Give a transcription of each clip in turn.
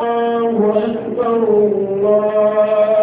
الله أكبر الله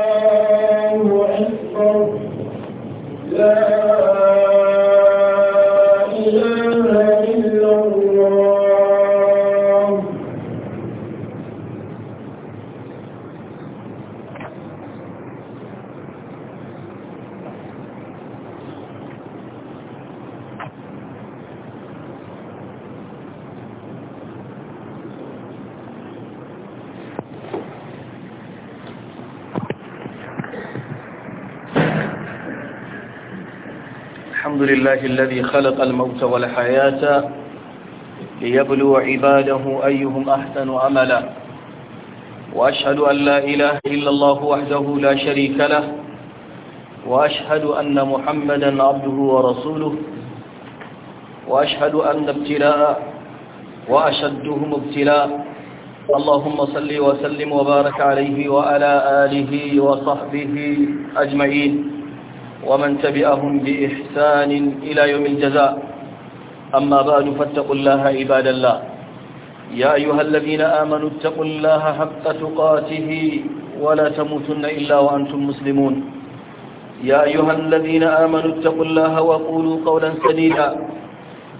الله الذي خلق الموت والحياة ليبلو عباده أيهم أحسن عملا وأشهد أن لا إله إلا الله وحده لا شريك له وأشهد أن محمدا عبده ورسوله وأشهد أن ابتلاء وأشدهم ابتلاء اللهم صل وسلم وبارك عليه وعلى آله وصحبه أجمعين ومن تبعهم بإحسان إلى يوم الجزاء أما بعد فاتقوا الله عباد الله يا أيها الذين آمنوا اتقوا الله حق تقاته ولا تموتن إلا وأنتم مسلمون يا أيها الذين آمنوا اتقوا الله وقولوا قولا سديدا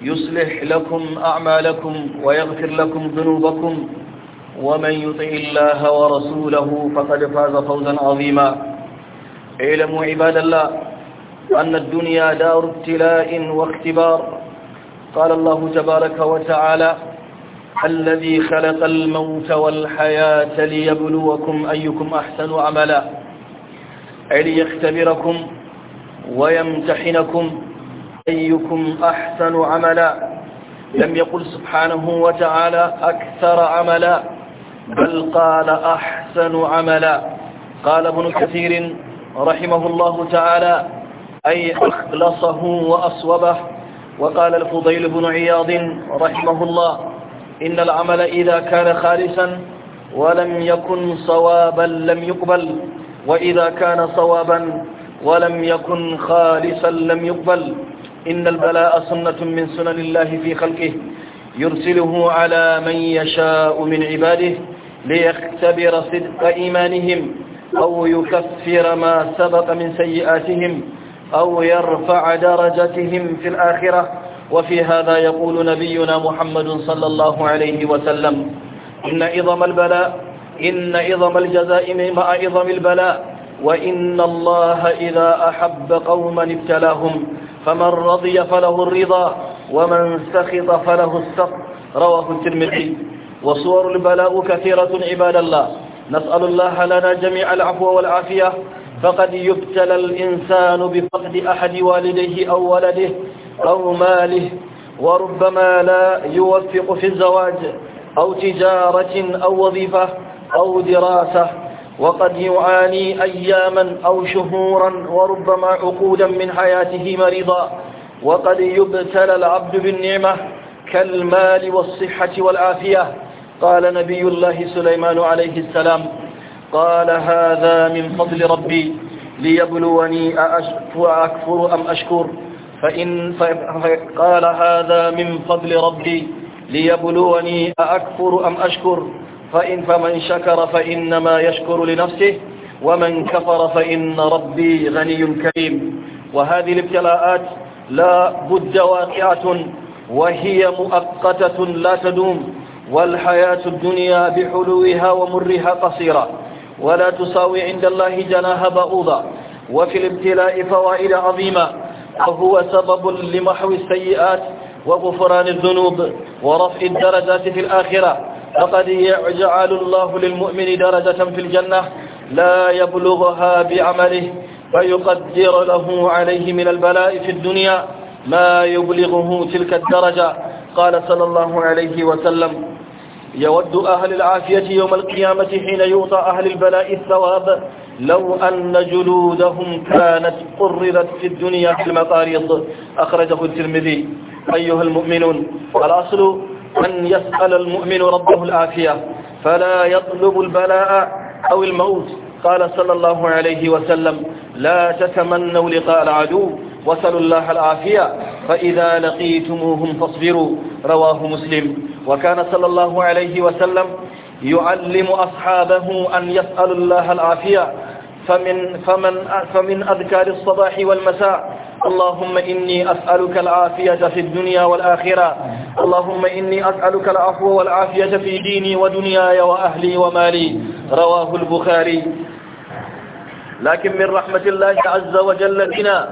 يصلح لكم أعمالكم ويغفر لكم ذنوبكم ومن يطع الله ورسوله فقد فاز فوزا عظيما اعلموا عباد الله أن الدنيا دار ابتلاء واختبار قال الله تبارك وتعالى الذي خلق الموت والحياة ليبلوكم أيكم أحسن عملا أي ليختبركم ويمتحنكم أيكم أحسن عملا لم يقل سبحانه وتعالى أكثر عملا بل قال أحسن عملا قال ابن كثير رحمه الله تعالى أي أخلصه وأصوبه وقال الفضيل بن عياض رحمه الله إن العمل إذا كان خالصا ولم يكن صوابا لم يقبل وإذا كان صوابا ولم يكن خالصا لم يقبل إن البلاء سنة من سنن الله في خلقه يرسله على من يشاء من عباده ليختبر صدق إيمانهم أو يكفر ما سبق من سيئاتهم أو يرفع درجتهم في الآخرة وفي هذا يقول نبينا محمد صلى الله عليه وسلم إن إظم البلاء إن إظم الجزاء مع إظم البلاء وإن الله إذا أحب قوما ابتلاهم فمن رضي فله الرضا ومن سخط فله السخط رواه الترمذي وصور البلاء كثيرة عباد الله نسأل الله لنا جميع العفو والعافية فقد يبتلى الإنسان بفقد أحد والديه أو ولده أو ماله وربما لا يوفق في الزواج أو تجارة أو وظيفة أو دراسة وقد يعاني أياما أو شهورا وربما عقودا من حياته مريضا وقد يبتلى العبد بالنعمة كالمال والصحة والعافية قال نبي الله سليمان عليه السلام قال هذا من فضل ربي ليبلوني أأكفر أم أشكر فإن قال هذا من فضل ربي ليبلوني أأكفر أم أشكر فإن فمن شكر فإنما يشكر لنفسه ومن كفر فإن ربي غني كريم وهذه الابتلاءات لا بد واقعة وهي مؤقتة لا تدوم والحياة الدنيا بحلوها ومرها قصيرة ولا تساوي عند الله جناها بعوضة وفي الابتلاء فوائد عظيمة وهو سبب لمحو السيئات وغفران الذنوب ورفع الدرجات في الآخرة فقد يجعل الله للمؤمن درجة في الجنة لا يبلغها بعمله فيقدر له عليه من البلاء في الدنيا ما يبلغه تلك الدرجة قال صلى الله عليه وسلم يود أهل العافية يوم القيامة حين يعطى أهل البلاء الثواب لو أن جلودهم كانت قررت في الدنيا في المطاريض أخرجه الترمذي أيها المؤمنون الأصل أن يسأل المؤمن ربه العافية فلا يطلب البلاء أو الموت قال صلى الله عليه وسلم لا تتمنوا لقاء العدو وصلوا الله العافية فإذا لقيتموهم فاصبروا رواه مسلم وكان صلى الله عليه وسلم يعلم أصحابه أن يسألوا الله العافية فمن, فمن, فمن أذكار الصباح والمساء اللهم إني أسألك العافية في الدنيا والآخرة اللهم إني أسألك العفو والعافية في ديني ودنياي وأهلي ومالي رواه البخاري لكن من رحمة الله عز وجل بنا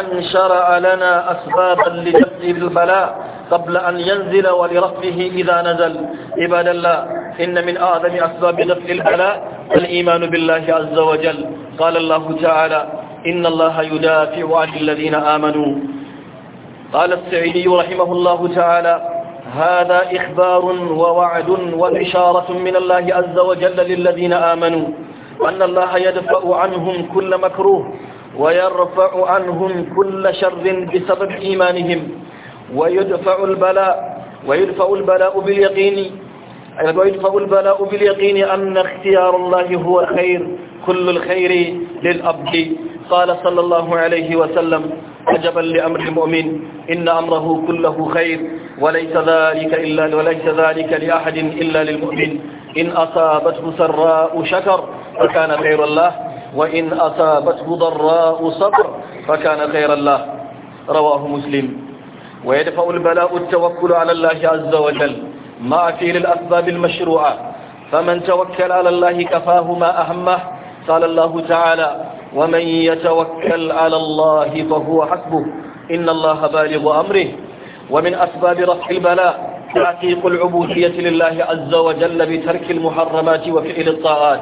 أن شرع لنا أسبابا لجذب البلاء قبل أن ينزل ولرفعه إذا نزل عباد الله إن من أعظم أسباب دفع البلاء الإيمان بالله عز وجل قال الله تعالى إن الله يدافع عن الذين آمنوا قال السعيدي رحمه الله تعالى هذا إخبار ووعد وبشارة من الله عز وجل للذين آمنوا أن الله يدفع عنهم كل مكروه ويرفع عنهم كل شر بسبب إيمانهم ويدفع البلاء ويدفع البلاء باليقين أيوة، ويدفع البلاء باليقين أن اختيار الله هو الخير كل الخير للأبد قال صلى الله عليه وسلم عجبا لأمر المؤمن إن أمره كله خير وليس ذلك إلا وليس ذلك لأحد إلا للمؤمن إن أصابته سراء شكر فكان خير الله وإن أصابته ضراء صبر فكان خيرا له رواه مسلم ويدفع البلاء التوكل على الله عز وجل مع فعل الأسباب المشروعة فمن توكل على الله كفاه ما أهمه قال الله تعالى ومن يتوكل على الله فهو حسبه إن الله بالغ أمره ومن أسباب رفع البلاء تعتيق العبودية لله عز وجل بترك المحرمات وفعل الطاعات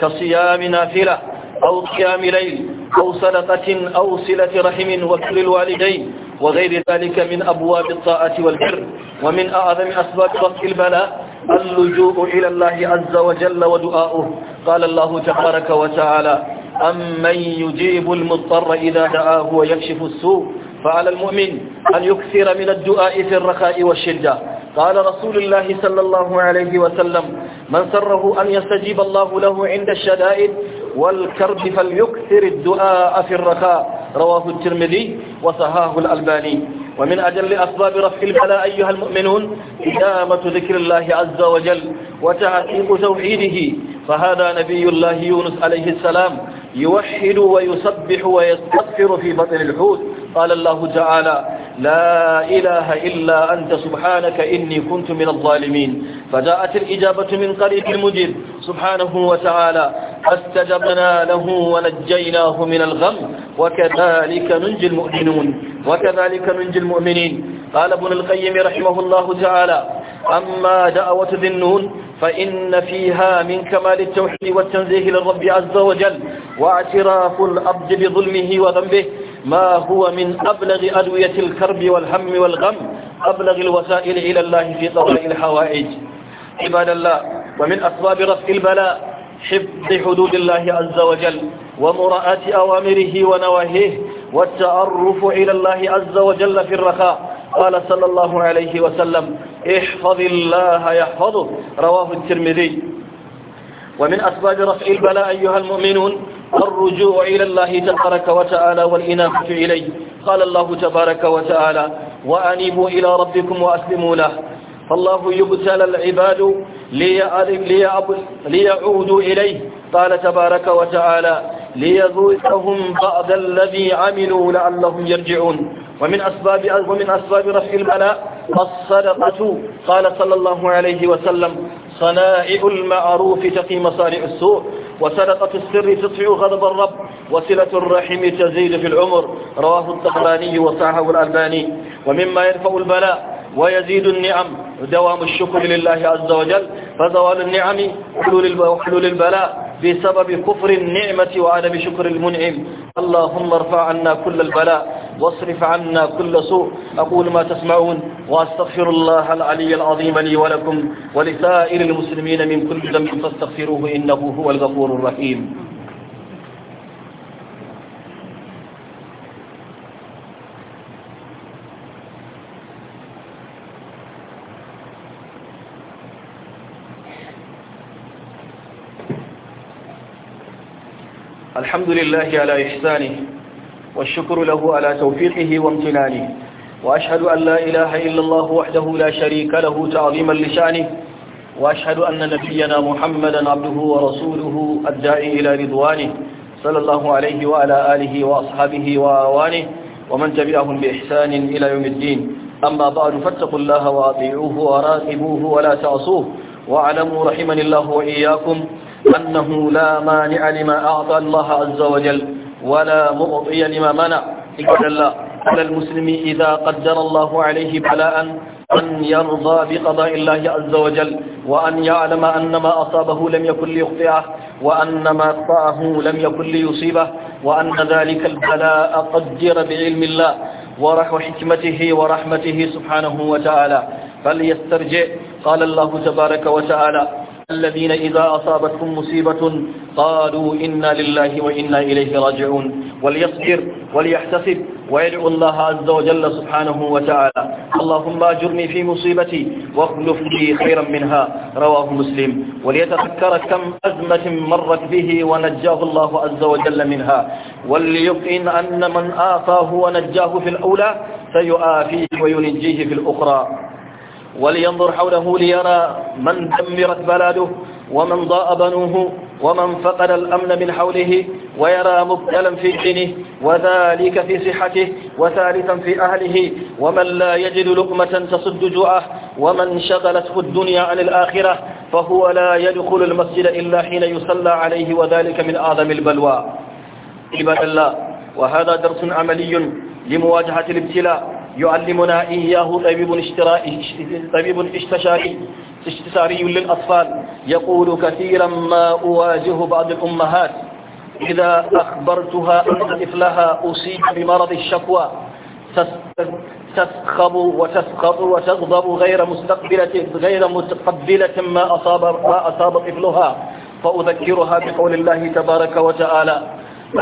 كصيام نافلة أو قيام ليل أو صدقة أو صلة رحم وكل الوالدين وغير ذلك من أبواب الطاعة والبر ومن أعظم أسباب رفع البلاء اللجوء إلى الله عز وجل ودعاؤه قال الله تبارك وتعالى أمن يجيب المضطر إذا دعاه ويكشف السوء فعلى المؤمن أن يكثر من الدعاء في الرخاء والشدة قال رسول الله صلى الله عليه وسلم من سره أن يستجيب الله له عند الشدائد والكرب فليكثر الدعاء في الرخاء رواه الترمذي وصحاه الألباني ومن أجل أسباب رفع البلاء أيها المؤمنون إدامة ذكر الله عز وجل وتحقيق توحيده فهذا نبي الله يونس عليه السلام يوحد ويسبح ويستغفر في بطن الحوت قال الله تعالى لا إله إلا أنت سبحانك إني كنت من الظالمين فجاءت الإجابة من قريب المجيب سبحانه وتعالى فاستجبنا له ونجيناه من الغم وكذلك ننجي المؤمنون وكذلك ننجي المؤمنين قال ابن القيم رحمه الله تعالى أما دعوة ذي النون فإن فيها من كمال التوحيد والتنزيه للرب عز وجل واعتراف الأبد بظلمه وذنبه ما هو من أبلغ أدوية الكرب والهم والغم أبلغ الوسائل إلى الله في طوال الحوائج عباد الله ومن أسباب رفع البلاء حفظ حدود الله عز وجل ومراءة أوامره ونواهيه والتعرف إلى الله عز وجل في الرخاء قال صلى الله عليه وسلم احفظ الله يحفظه رواه الترمذي ومن أسباب رفع البلاء أيها المؤمنون الرجوع إلى الله تبارك وتعالى والإنابة إليه قال الله تبارك وتعالى وأنيبوا إلى ربكم وأسلموا له فالله يبتلى العباد ليعودوا إليه قال تبارك وتعالى ليذوقهم بعض الذي عملوا لعلهم يرجعون ومن أسباب ومن أسباب رفع البلاء الصدقة قال صلى الله عليه وسلم صنائع المعروف تقي مصارع السوء وصدقة السر تطفئ غضب الرب وصلة الرحم تزيد في العمر رواه الطبراني وصححه الألباني ومما يرفع البلاء ويزيد النعم دوام الشكر لله عز وجل فزوال النعم وحلول البلاء بسبب كفر النعمة وعدم شكر المنعم اللهم ارفع عنا كل البلاء واصرف عنا كل سوء أقول ما تسمعون وأستغفر الله العلي العظيم لي ولكم ولسائر المسلمين من كل ذنب فاستغفروه إنه هو الغفور الرحيم الحمد لله على إحسانه والشكر له على توفيقه وامتنانه وأشهد أن لا إله إلا الله وحده لا شريك له تعظيما لشانه وأشهد أن نبينا محمدا عبده ورسوله الداعي إلى رضوانه صلى الله عليه وعلى آله وأصحابه وآوانه ومن تبعهم بإحسان إلى يوم الدين أما بعد فاتقوا الله وأطيعوه وراقبوه ولا تعصوه واعلموا رحمني الله وإياكم أنه لا مانع لما أعطى الله عز وجل ولا مغطي لما منع إجل على المسلم إذا قدر الله عليه بلاء أن يرضى بقضاء الله عز وجل وأن يعلم أن ما أصابه لم يكن ليخطئه وأن ما أخطأه لم يكن ليصيبه وأن ذلك البلاء قدر بعلم الله ورح حكمته ورحمته سبحانه وتعالى فليسترجع قال الله تبارك وتعالى الذين إذا أصابتهم مصيبة قالوا إنا لله وإنا إليه راجعون وليصبر وليحتسب ويدعو الله عز وجل سبحانه وتعالى اللهم أجرني في مصيبتي واخلف لي خيرا منها رواه مسلم وليتذكر كم أزمة مرت به ونجاه الله عز وجل منها وليقن أن من آفاه ونجاه في الأولى سيؤافيه وينجيه في الأخرى ولينظر حوله ليرى من دمرت بلاده ومن ضاء بنوه ومن فقد الأمن من حوله ويرى مبتلا في دينه وذلك في صحته وثالثا في أهله ومن لا يجد لقمة تصد جوعه ومن شغلته الدنيا عن الآخرة فهو لا يدخل المسجد إلا حين يصلى عليه وذلك من أعظم البلوى عباد الله وهذا درس عملي لمواجهة الابتلاء يعلمنا إياه طبيب طبيب استشاري استشاري للأطفال يقول كثيرا ما أواجه بعض الأمهات إذا أخبرتها أن طفلها أصيب بمرض الشكوى تسخب وتسخب وتغضب غير مستقبلة غير متقبلة ما أصاب ما أصاب طفلها فأذكرها بقول الله تبارك وتعالى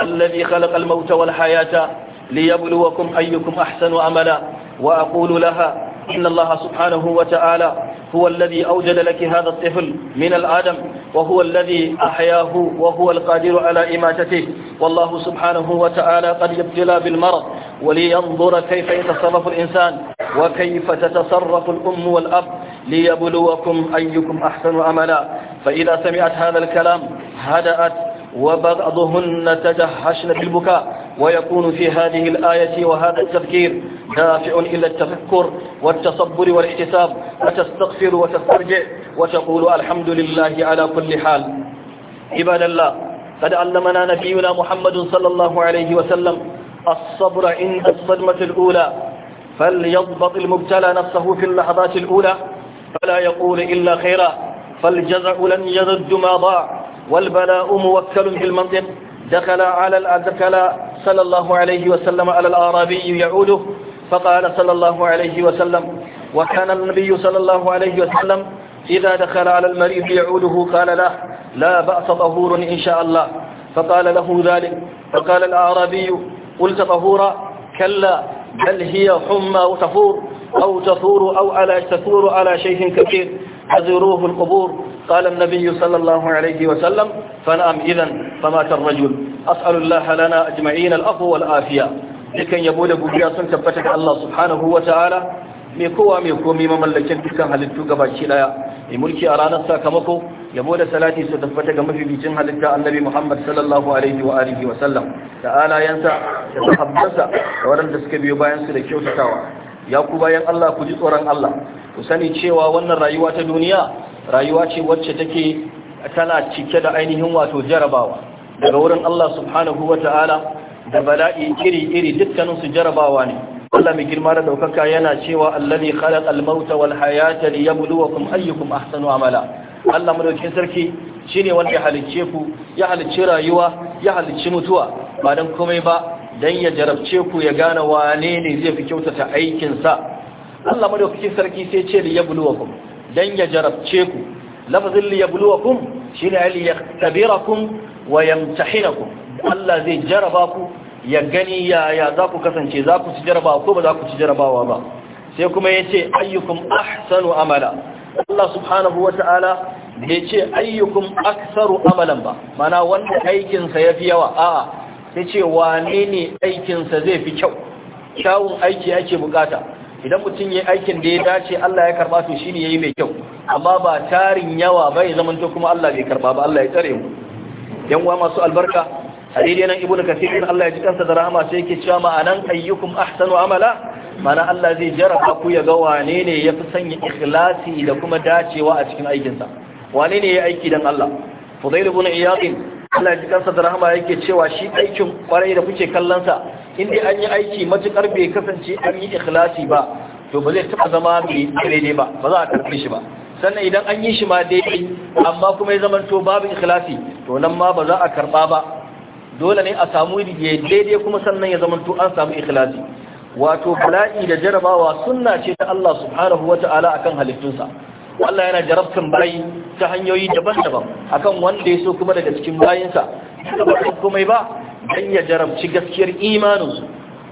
الذي خلق الموت والحياة ليبلوكم أيكم أحسن أملا وأقول لها إن الله سبحانه وتعالى هو الذي أوجد لك هذا الطفل من الآدم وهو الذي أحياه وهو القادر على إماتته والله سبحانه وتعالى قد يبتلى بالمرض ولينظر كيف يتصرف الإنسان وكيف تتصرف الأم والأب ليبلوكم أيكم أحسن عملا فإذا سمعت هذا الكلام هدأت وبعضهن تجهشن بالبكاء ويكون في هذه الآية وهذا التفكير دافع إلى التفكر والتصبر والاحتساب وتستغفر وتسترجع وتقول الحمد لله على كل حال عباد الله قد علمنا نبينا محمد صلى الله عليه وسلم الصبر عند الصدمة الأولى فليضبط المبتلى نفسه في اللحظات الأولى فلا يقول إلا خيرا فالجزع لن يرد ما ضاع والبلاء موكل في المنطق دخل على دخل صلى الله عليه وسلم على الأعرابي يعوده فقال صلى الله عليه وسلم وكان النبي صلى الله عليه وسلم إذا دخل على المريض يعوده قال له لا بأس طهور إن شاء الله فقال له ذلك فقال الأعرابي قلت طهورا كلا بل هي حمى وتفور أو تثور أو على تثور على شيء كثير فزوروه القبور قال النبي صلى الله عليه وسلم فنعم إذا فمات الرجل أسأل الله لنا أجمعين الأفو والآفية لكن يبود بجيا Allah الله سبحانه وتعالى mai kowa mai komi mamallakin dukkan halittu gabaki daya mai mulki a ranar sakamako ya da salati su tabbata ga bikin halitta annabi Muhammad sallallahu alaihi wa alihi wa sallam da alayansa da da suka biyo bayan su da kyautatawa ya ku bayan Allah ku ji tsoron Allah ku sani cewa wannan rayuwa ta duniya rayuwa ce wacce take tana cike da ainihin wato jarabawa daga wurin Allah subhanahu wata'ala da bala'i iri-iri dukkanin su jarabawa ne Allah mai girma da daukaka yana cewa allazi khalaq al-mauta wal hayata liyabluwakum ayyukum ahsanu amala Allah madaukakin sarki shine wanda ya halicce ku ya halicci rayuwa ya halicci mutuwa ba dan komai ba dan ya jarabce ku ya gane wane ne zai fi kyautata aikinsa Allah madaukakin sarki sai ce li yabluwakum dan ya jarabce ku lafazin li yabluwakum shine ali yaktabirakum wa yamtahinakum Allah zai jaraba ku ya gani ya ya za ku kasance za ku ci jaraba ko ba za ku ci jarabawa ba sai kuma yace ayyukum ahsanu amala Allah subhanahu wata'ala bai ce ayyukum aktsaru amalan ba mana wanda aikin sa yafi yawa a'a sai ce wane ne aikinsa zai fi kyau kyawun aiki ake bukata idan mutum ya aikin da ya dace Allah ya karba to shine yi mai kyau amma ba tarin yawa ba ya zamanto kuma Allah bai karba ba Allah ya tsare mu yan uwa masu albarka a daidai nan ibnu kasir Allah ya ji kansa da rahama sai yake cewa ma'anan ayyukum ahsanu amala mana Allah zai jarraba ku ya ga wane ne yafi sanya ikhlasi da kuma dacewa a cikin aikinsa wane ne ya aiki dan Allah Fudail ibn Iyad Allah ya kansa da rahama yake cewa shi aikin kwarai da kuke kallonsa in dai an yi aiki matukar bai kasance an yi ikhlasi ba to ba zai taɓa zama mai daidai ba ba za a karɓi shi ba sannan idan an yi shi ma daidai amma kuma ya zama to babu ikhlasi to nan ma ba za a karɓa ba dole ne a samu daidai kuma sannan ya zama to an samu ikhlasi wato bala'i da jarabawa sunna ce ta Allah subhanahu wata'ala akan halittunsa Allah yana jarabtan bayi ta hanyoyi daban-daban akan wanda ya so kuma daga cikin bayinsa ba kuma ba dan ya jarabci gaskiyar imaninsu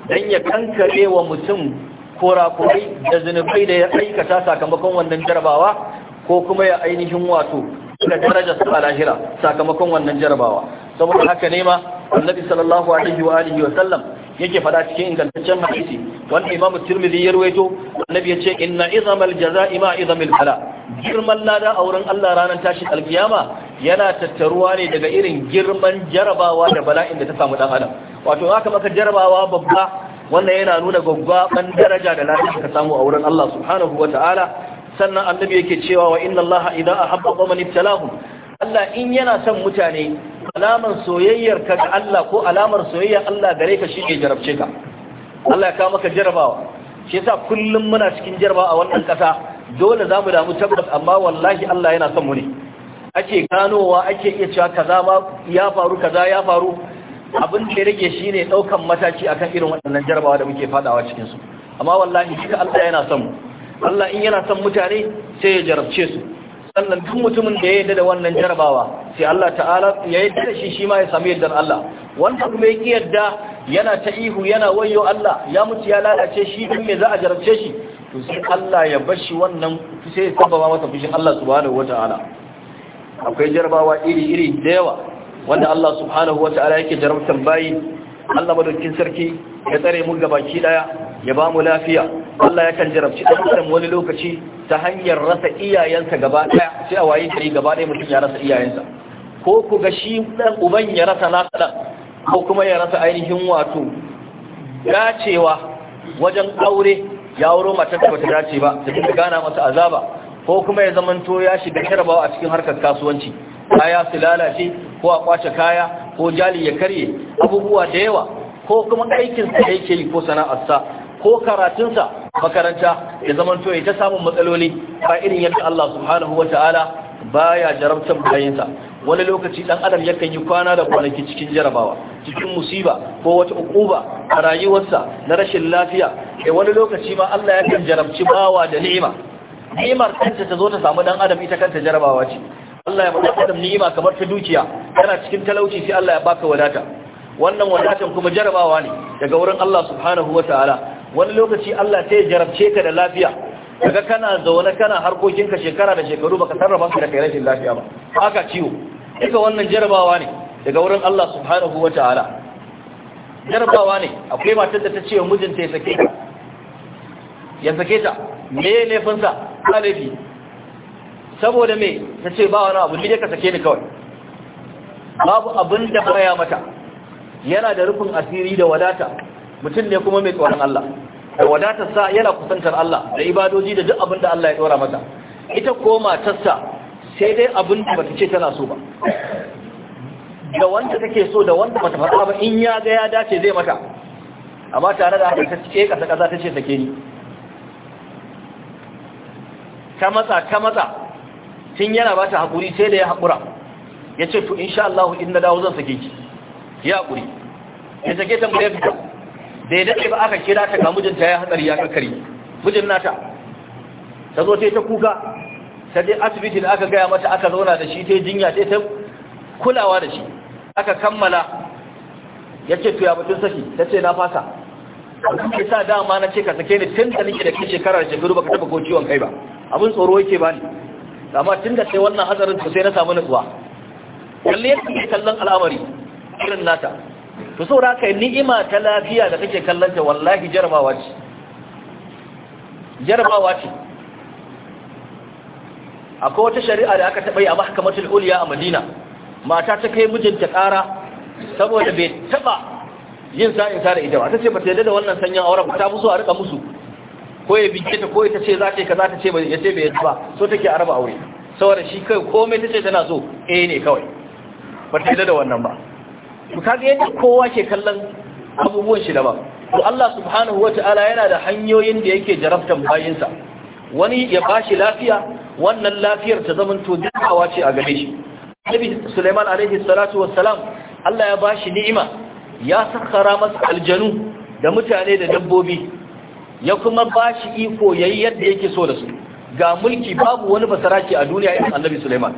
dan ya kankare wa mutum kurakurai da zunubai da ya aikata sakamakon wannan jarabawa ko kuma ya ainihin wato da daraja su a lahira sakamakon wannan jarabawa saboda haka ne ma annabi sallallahu alaihi wa alihi wa sallam yake fada cikin ingantaccen hadisi wanda imam tirmidhi ya ruwaito annabi ce inna izamal jazaa'i ma izamil bala girman lada a wurin Allah ranar tashin alkiyama yana tattaruwa ne daga irin girman jarabawa da bala'in da ta samu dan adam wato haka maka jarabawa babba wannan yana nuna gwaggwaban daraja da da ka samu a wurin Allah subhanahu wata'ala sannan annabi yake cewa wa inna Allah idza ahabba qauman ibtalahum Allah in yana son mutane alamar soyayyar ka ga Allah ko alamar soyayya Allah gare ka shi ne jarabce ka Allah ya kawo maka jarabawa shi yasa kullum muna cikin jarabawa a wannan kasa dole za mu damu tabbas amma wallahi Allah yana son mu ne ake ganowa ake iya cewa kaza ba ya faru kaza ya faru abin da ya rage ne ɗaukan mataki akan irin waɗannan jarabawa da muke faɗawa cikin su amma wallahi shi Allah yana son mu Allah in yana son mutane sai ya jarabce su sannan duk mutumin da ya yarda da wannan jarabawa sai Allah ta'ala ya yarda da shi shi ma ya samu yardar Allah wanda kuma ya yarda yana ta ihu yana wayo Allah ya mutu ya lalace shi din me za a jarabce shi to sai Allah ya bashi wannan sai ya sababa masa fushin Allah subhanahu wata'ala akwai jarabawa iri-iri da yawa wanda Allah subhanahu wata'ala yake jarabtan bayi Allah madaukin sarki ya tsare mu gabaki daya ya ba mu lafiya Allah ya kan jarabci dan adam wani lokaci ta hanyar rasa iyayensa gaba daya sai a waye gari gaba daya mutum ya rasa iyayensa ko ku ga shi dan uban ya rasa nasa ko kuma ya rasa ainihin wato dacewa wajen aure ya wuro matar da bata dace ba ta dinga gana masa azaba ko kuma ya zamanto ya shiga jarabawa a cikin harkar kasuwanci kaya su lalace ko a kwace kaya ko jali ya karye abubuwa da yawa ko kuma aikinsa da yake yi ko sana'arsa ko karatunsa makaranta ya zamanto ya ta samun matsaloli ba irin yadda Allah subhanahu wa ta'ala baya jarabtar bayansa wani lokaci dan adam yakan yi kwana da kwanaki cikin jarabawa cikin musiba ko wata ukuba a rayuwarsa na rashin lafiya E wani lokaci ma Allah yakan jarabci bawa da ni'ima ni'imar kanta ta zo ta samu dan adam ita kanta jarabawa ce Allah ya bada adam ni'ima kamar ta dukiya kana cikin talauci sai Allah ya baka wadata wannan wadatan kuma jarabawa ne daga wurin Allah subhanahu wataala wani lokaci Allah sai ya jarabce ka da lafiya daga kana zaune kana harkokinka shekara da shekaru baka sarrafa su da kai rashin lafiya ba haka ciwo ita wannan jarabawa ne daga wurin Allah subhanahu wa ta'ala jarabawa ne akwai matar da ta ce mijinta ya sake ta ya sake ta me alifi saboda me ta ce ba wani abu ne ka sake ni kawai babu abin da baya mata yana da rufin asiri da wadata mutum ne kuma mai tsoron Allah da wadatar sa yana kusantar Allah da ibadoji da duk abin da Allah ya dora mata ita ko matarsa sai dai abin da bata ce tana so ba da wanda take so da wanda bata faɗa ba in ya ga ya dace zai mata amma tare da haka ta ce kasa kasa ta ce sake ni ta matsa ta matsa tun yana ba ta haƙuri sai da ya haƙura ya ce to insha Allah in na dawo zan sake ki ya haƙuri ya sake ta mu ya fita bai dace ba aka kira ta ga mijinta ya hatsari ya karkari. mijin nata ta zo sai ta kuka ta je asibiti da aka gaya mata aka zauna da shi ta yi jinya sai ta kulawa da shi aka kammala ya ce tuya mutum saki ta ce na fasa ke sa dama na ce ka sake ni tun da nake da ke shekara da shekaru baka taba ko ciwon kai ba abin tsoro yake bani amma tun da sai wannan hatsarin to sai na samu nutsuwa kalle yadda ke kallon al'amari irin nata to da kai ni'ima ta lafiya da kake kallon ta wallahi jarabawa ce jarabawa ce akwai wata shari'a da aka taɓa yi a mahkamatul ulya a madina mata ta kai mijinta ƙara saboda bai taɓa yin sa'in sa da ita ba ta ce ba ta yadda da wannan sanyin auren ba ta musu a rika musu ko ya bige ta ko ita ce za ta kaza ta ce ya ce bai yadda ba so take a aure saboda shi kai komai ta ce tana so eh ne kawai ba ta yadda da wannan ba to kaga yadda kowa ke kallon abubuwan shi daban to Allah subhanahu wata'ala yana da hanyoyin da yake jarabtan bayinsa wani ya bashi lafiya wannan lafiyar ta zamanto dukawa ce a gare shi Nabi Sulaiman alaihi salatu wassalam Allah ya ba shi ni'ima ya sakkara masa aljanu da mutane da dabbobi ya kuma bashi iko yayi yadda yake so da su ga mulki babu wani basaraki a duniya irin Annabi Sulaiman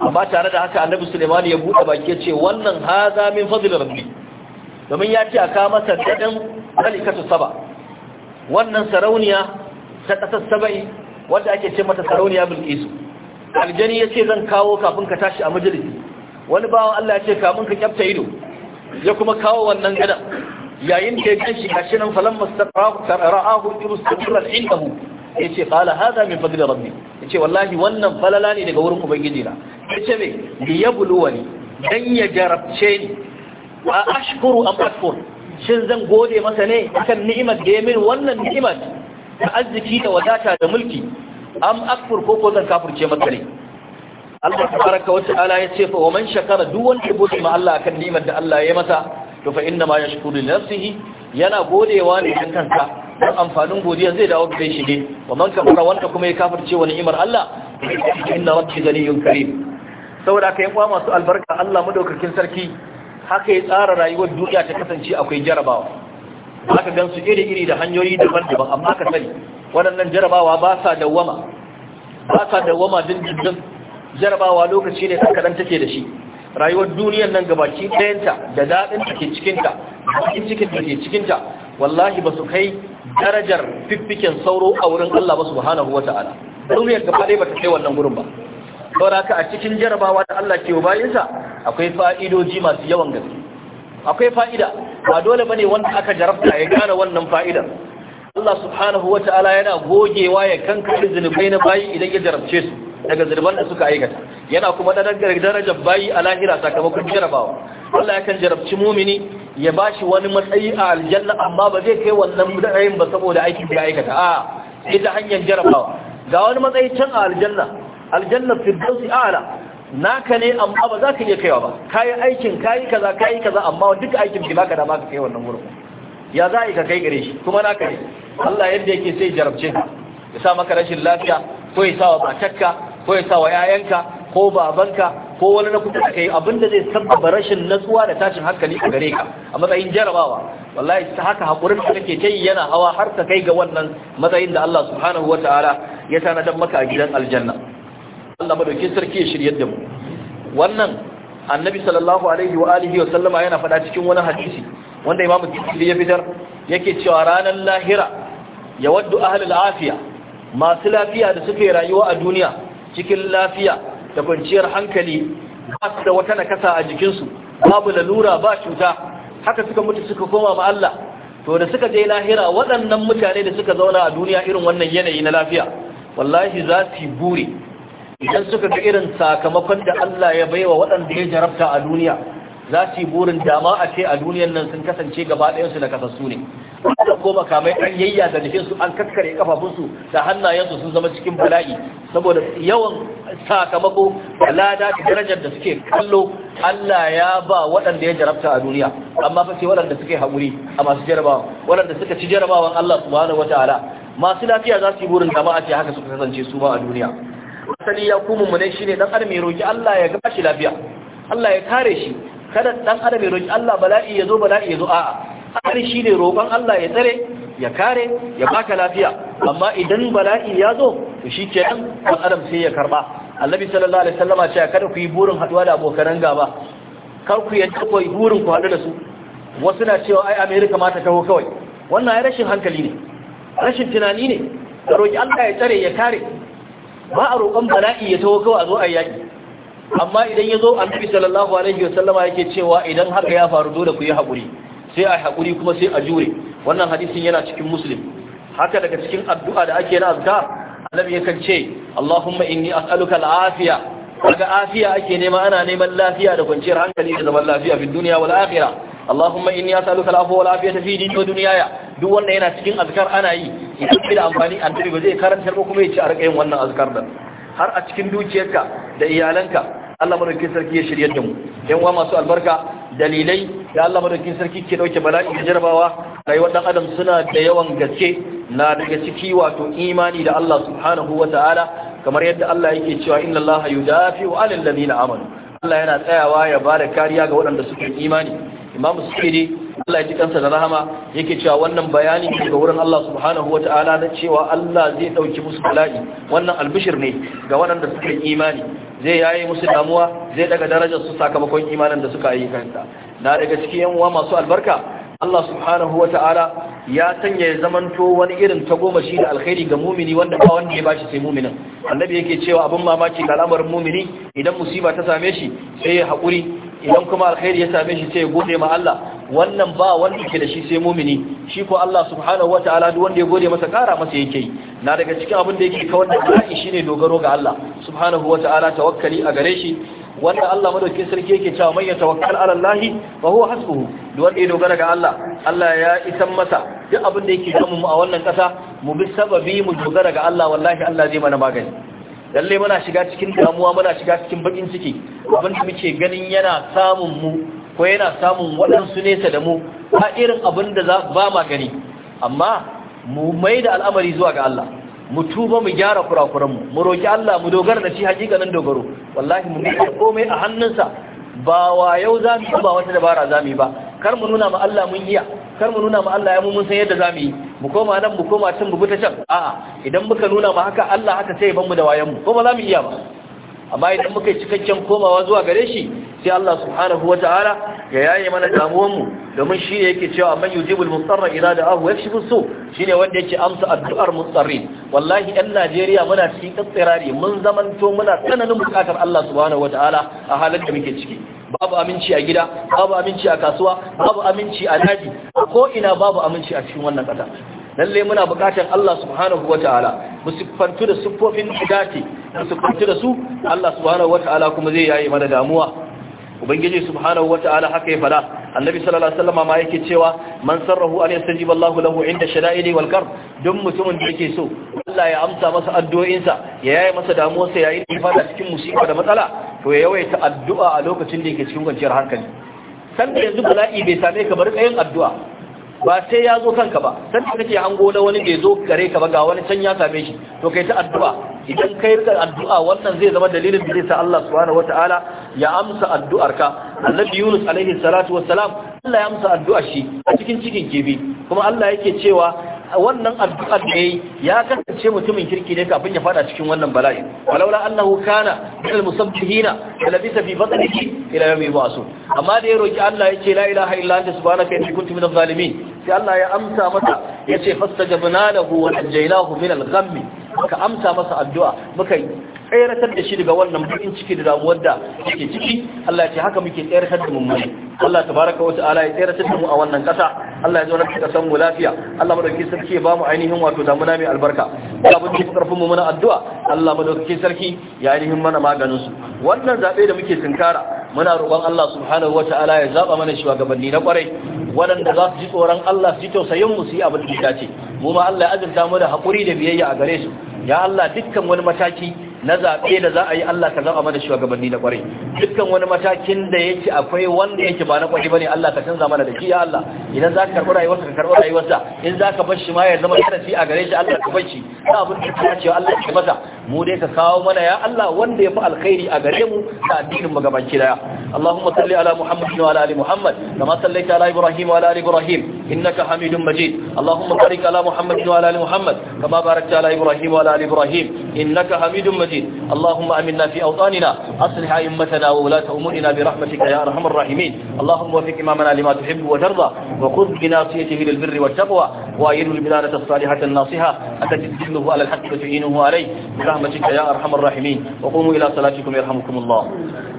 amma tare da haka annabi Suleimani ya buɗe baki ya ce wannan haza min fadl rabbi domin ya ce aka masa dadan malikatu saba wannan sarauniya ta kasar saba'i wanda ake ce mata sarauniya bilqisu aljani ya ce zan kawo kafin ka tashi a majalisi wani bawan Allah ya ce kafin ka kyafta ido ya kuma kawo wannan gadan yayin da ya ganshi gashi nan falan mastaqra'ahu irsalul indahu ce kala haza min fadli rabbi ce wallahi wannan falala ne daga wurin ubangiji na yace me li yabluwani dan ya jarabce ni wa ashkuru am akfur shin zan gode masa ne akan ni'imar da ya min wannan ni'imar da arziki da wadata da mulki am akfur ko ko zan kafurce masa ne Allah tabaraka wa ta'ala ce fa man shakara duk wanda ya gode ma Allah akan ni'imar da Allah ya masa to fa inna ma yashkuru li nafsihi yana godewa ne kan kansa dan amfanin godiya zai dawo kai shi ne wa man kafara wanda kuma ya kafirce wa ni'imar Allah inna rabbi ganiyun karim saboda kai kwa masu albarka Allah madaukakin sarki haka ya tsara rayuwar duniya ta kasance akwai jarabawa gan su iri-iri da hanyoyi daban-daban amma ka sani waɗannan jarabawa ba sa dawwama ba sa dawwama dindindin jarabawa lokaci ne dan take da shi rayuwar duniyar nan gabaki ɗayanta da daɗin da ke cikinta cikin cikin da ke cikinta wallahi ba su kai darajar fiffiken sauro a wurin Allah ba subhanahu wa ta'ala duniyar gaba ɗaya ba ta kai wannan gurin ba saboda haka a cikin jarabawa da Allah ke sa akwai fa'idoji masu yawan gaske akwai fa'ida ba dole bane wanda aka jarabta ya gane wannan fa'idar Allah subhanahu wa ta'ala yana gogewa ya kanka zunubai na bayi idan ya jarabce su daga zunuban da suka aikata yana kuma da darajar bayi a lahira sakamakon jarabawa Allah yakan jarabci mumini ya ba shi wani matsayi a aljanna amma ba zai kai wannan matsayin ba saboda aikin da aikata a ita hanyar jarabawa ga wani matsayi can a aljanna aljanna firdausi ala naka ne amma ba za ka iya kaiwa ba kayi aikin kayi kaza kayi kaza amma duka aikin bai baka da ba ka kai wannan gurin ya za ka kai gare shi kuma naka ne Allah yadda yake sai jarabce ka ya sa maka rashin lafiya ko ya sa wa matarka ko ya sa wa 'ya'yanka ko babanka ko wani na kuka da kai abinda zai sabbaba rashin natsuwa da tashin hankali a gare ka a matsayin jarabawa wallahi ta haka hakurin da kake kai yana hawa har ta kai ga wannan matsayin da Allah subhanahu wataala ya tanadar maka a gidan aljanna Allah sarki ya shiryar da mu wannan annabi sallallahu alaihi wa alihi wa sallama yana faɗa cikin wani hadisi wanda imamu tirmidhi ya fitar yake cewa ranar lahira yawaddu ahlul afiya masu lafiya da suke rayuwa a duniya cikin lafiya da kwanciyar hankali ba su da wata nakasa a jikinsu babu lalura ba cuta haka suka mutu suka koma ma Allah to da suka je lahira waɗannan mutane da suka zauna a duniya irin wannan yanayi na lafiya wallahi za su bure idan suka ga irin sakamakon da Allah ya baiwa waɗanda ya jarabta a duniya za su yi burin dama a ce a duniyan nan sun kasance gaba ɗayansu na kasassu ne da ko makamai ɗan yayya da nufin su an kakkare kafafunsu da hannayensu sun zama cikin bala'i saboda yawan sakamako da da darajar da suke kallo Allah ya ba waɗanda ya jarabta a duniya amma fa sai waɗanda suke haƙuri a masu jarabawa waɗanda suka ci jarabawan Allah subhanahu ala. masu lafiya za su yi burin dama a ce haka suka kasance su ma a duniya asali ya kuma mu ne shine dan adam ya roki Allah ya gashi lafiya Allah ya kare shi kada dan adam ya roki Allah bala'i ya zo bala'i ya zo a'a har shi ne roƙon Allah ya tsare ya kare ya baka lafiya amma idan bala'i ya zo to shi ke nan dan adam sai ya karba annabi sallallahu alaihi wasallama ce kada ku yi burin haduwa da abokan gaba kar ku yadda ku burin ku haɗu da su wasu na cewa ai America ma ta taho kawai wannan ai rashin hankali ne rashin tunani ne ka roki Allah ya tsare ya kare ba a roƙon bala'i ya taho kawai a zo a yaki amma idan ya zo annabi sallallahu alaihi wasallama yake cewa idan haka ya faru dole ku yi haƙuri sai a haƙuri kuma sai a jure wannan hadisin yana cikin muslim haka daga cikin addu'a da ake na azkar annabi yakan ce Allahumma inni as'aluka al-afiya daga afiya ake nema ana neman lafiya da kwanciyar hankali da zaman lafiya fi duniya wal akhirah Allahumma inni as'aluka al-afwa wal afiyata fi dini wa dunyaya duk wanda yana cikin azkar ana yi idan da amfani annabi ba zai karantar ba kuma ya ci a rakayin wannan azkar da har a cikin dukiyarka da iyalanka Allah madaukakin sarki ya shirya da mu yan uwa masu albarka dalilai da Allah madaukakin sarki ke dauke bala'i da jarabawa rayuwar dan adam suna da yawan gaske na daga ciki wato imani da Allah subhanahu wataala kamar yadda Allah yake cewa inna Allah yudafi wa alal ladina amanu Allah yana tsayawa ya bada kariya ga waɗanda suke imani imam sukiri Allah ya ji kansa da rahama yake cewa wannan bayani ga wurin Allah subhanahu wataala na cewa Allah zai dauki musu bala'i wannan albishir ne ga waɗanda suka imani zai yayi musu damuwa zai daga darajar su sakamakon imanin da suka yi kanta na daga cikin yan uwa masu albarka Allah subhanahu wataala ya sanya ya zamanto wani irin tagomashi da alkhairi ga mumini wanda ba wanda ya bashi sai muminin annabi yake cewa abin mamaki da al'amarin mumini idan musiba ta same shi sai ya haƙuri idan kuma alkhairi ya same shi sai ya gode ma Allah wannan ba wanda ke da shi sai mumini shi ko Allah subhanahu wataala duk wanda ya gode masa kara masa yake na daga cikin abin da yake kawar da bala'i shine dogaro ga Allah subhanahu wataala tawakkali a gare shi wanda Allah madaukakin sarki yake cewa man yatawakkal ala Allah fa huwa hasbuhu duk wanda ya dogara ga Allah Allah ya isan masa duk abin da yake damu mu a wannan kasa mu bi sababi mu dogara ga Allah wallahi Allah zai mana magani lalle muna shiga cikin damuwa muna shiga cikin bakin ciki abin da muke ganin yana samun mu ko yana samun waɗansu nesa da mu ba irin abin da za ba ma gani amma mu mai da al'amari zuwa ga Allah mu tuba mu gyara kurakuranmu mu roki Allah mu dogara da shi hakikanin dogaro wallahi mu ne komai a hannunsa ba wa yau za mu ba wata dabara za mu ba kar mu nuna ma Allah mun iya kar mu nuna ma Allah ya mu mun san yadda za mu yi mu koma nan mu koma can mu bi ta can a'a idan muka nuna ma haka Allah haka sai ya ban mu da wayan mu ko ba mu iya ba amma idan muka yi cikakken komawa zuwa gare shi sai Allah subhanahu wa ta'ala ya yaye mana damuwan mu domin shi ne yake cewa man yujibul mustarra ila da'ahu yakshifu su ne wanda yake amsa addu'ar mustarrin wallahi ɗan Najeriya muna cikin tsirari mun zamanto muna tsananin bukatar Allah subhanahu wa ta'ala a halin da muke ciki babu aminci a gida babu aminci a kasuwa babu aminci a daji ko ina babu aminci a cikin wannan kasa lalle muna bukatar Allah subhanahu wataala mu siffantu da siffofin dati mu siffantu da su Allah subhanahu wataala kuma zai yayi mana damuwa ubangiji subhanahu wataala haka ya fada annabi sallallahu alaihi wasallam ma yake cewa man sarrahu an yastajiba Allahu lahu inda shada'idi wal don duk mutumin da yake so Allah ya amsa masa addu'o'insa ya yayi masa damuwarsa yayin da fada cikin musiba da matsala to ya yawaita addu'a a lokacin da yake cikin kwanciyar hankali san da yanzu bala'i bai same ka bari kayan addu'a ba sai ya zo kanka ba san da kake hango na wani bai zo gare ka ba ga wani can ya same shi to kai ta addu'a idan kai rika addu'a wannan zai zama dalilin da zai sa Allah subhanahu wataala ya amsa addu'arka annabi Yunus alaihi salatu wassalam Allah ya amsa addu'ar shi a cikin cikin kibi kuma Allah yake cewa wannan addu'ar da yayi ya kasance mutumin kirki ne kafin ya fada cikin wannan bala'i walaula annahu kana min al-musabbihina labisa fi batnihi ila yawmi yub'asun amma da ya roki Allah yace la ilaha illa anta subhanaka inni kuntu minadh zalimin sai Allah ya amsa masa yace fastajabna lahu wa najaynahu min al-ghamm ka amsa masa addu'a muka tsayaratar da shi daga wannan bakin ciki da damuwar da yake ciki Allah ya ce haka muke tsayaratar da mummuni Allah tabaraka wa ta'ala ya tsayaratar da mu a wannan kasa Allah ya zo raka kasan mu lafiya Allah madaukakin sarki ya bamu ainihin wato damuna mai albarka ya abin karfin mu muna addu'a Allah madaukakin sarki ya ainihin mana maganin su wannan zabe da muke tunkara muna roƙon Allah subhanahu wa ta'ala ya zaba mana shugabanni na kwarai waɗanda za su ji tsoron Allah su ji tausayin mu su yi abin da ya dace mu ma Allah ya azurta mu da haƙuri da biyayya a gare su ya Allah dukkan wani mataki na zaɓe da za a yi Allah ka zama mana shugabanni na ƙwarai dukkan wani matakin da ya yake akwai wanda yake ba na ƙwarai ne Allah ka canza mana da shi ya Allah idan za ka karɓi rayuwarsa ka karɓi rayuwarsa in za ka bar shi ma ya zama darasi a gare shi Allah ka bar shi ta abin da ka ce Allah ka masa mu dai ka kawo mana ya Allah wanda ya fi alkhairi a gare mu da addinin mu gabaki daya Allahumma salli ala Muhammad wa ala ali Muhammad kama sallaita ala Ibrahim wa ala ali Ibrahim innaka Hamidum Majid Allahumma barik ala Muhammad wa ala ali Muhammad kama barakta ala Ibrahim wa ala ali Ibrahim innaka Hamidum Majid المساجد اللهم أمنا في أوطاننا أصلح أئمتنا وولاة أمورنا برحمتك يا أرحم الراحمين اللهم وفق إمامنا لما تحب وترضى وخذ بناصيته للبر والتقوى وأيده البلادة الصالحة الناصحة التي تدله على الحق وتعينه عليه برحمتك يا أرحم الراحمين وقوموا إلى صلاتكم يرحمكم الله